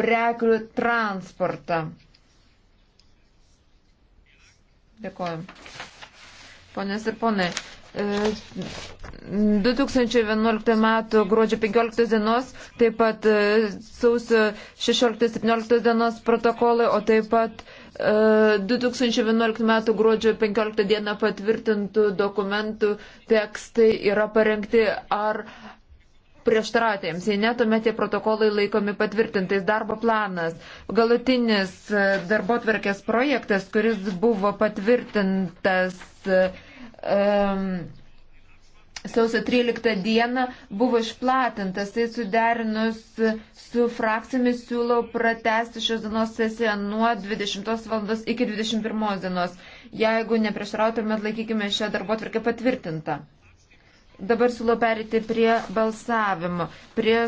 prekių transportą. Dėkuoju. Ponės ir ponai. 2011 e, m. gruodžio 15 dienos, taip pat e, sausio 16-17 dienos protokolai, o taip pat 2011 e, m. gruodžio 15 dieną patvirtintų dokumentų tekstai yra parengti. Ar prieštaraujate jiems, jei netuomet tie protokolai laikomi patvirtintais darbo planas. Galutinis e, darbo tvarkės projektas, kuris buvo patvirtintas. Um, sausio 13 dieną buvo išplatintas, tai suderinus su frakcijomis siūlau pratesti šios dienos sesiją nuo 20 val. iki 21 dienos. Jeigu nepriešrautumėt, laikykime šią darbo tvarkę patvirtintą. Dabar siūlau perėti prie balsavimo, prie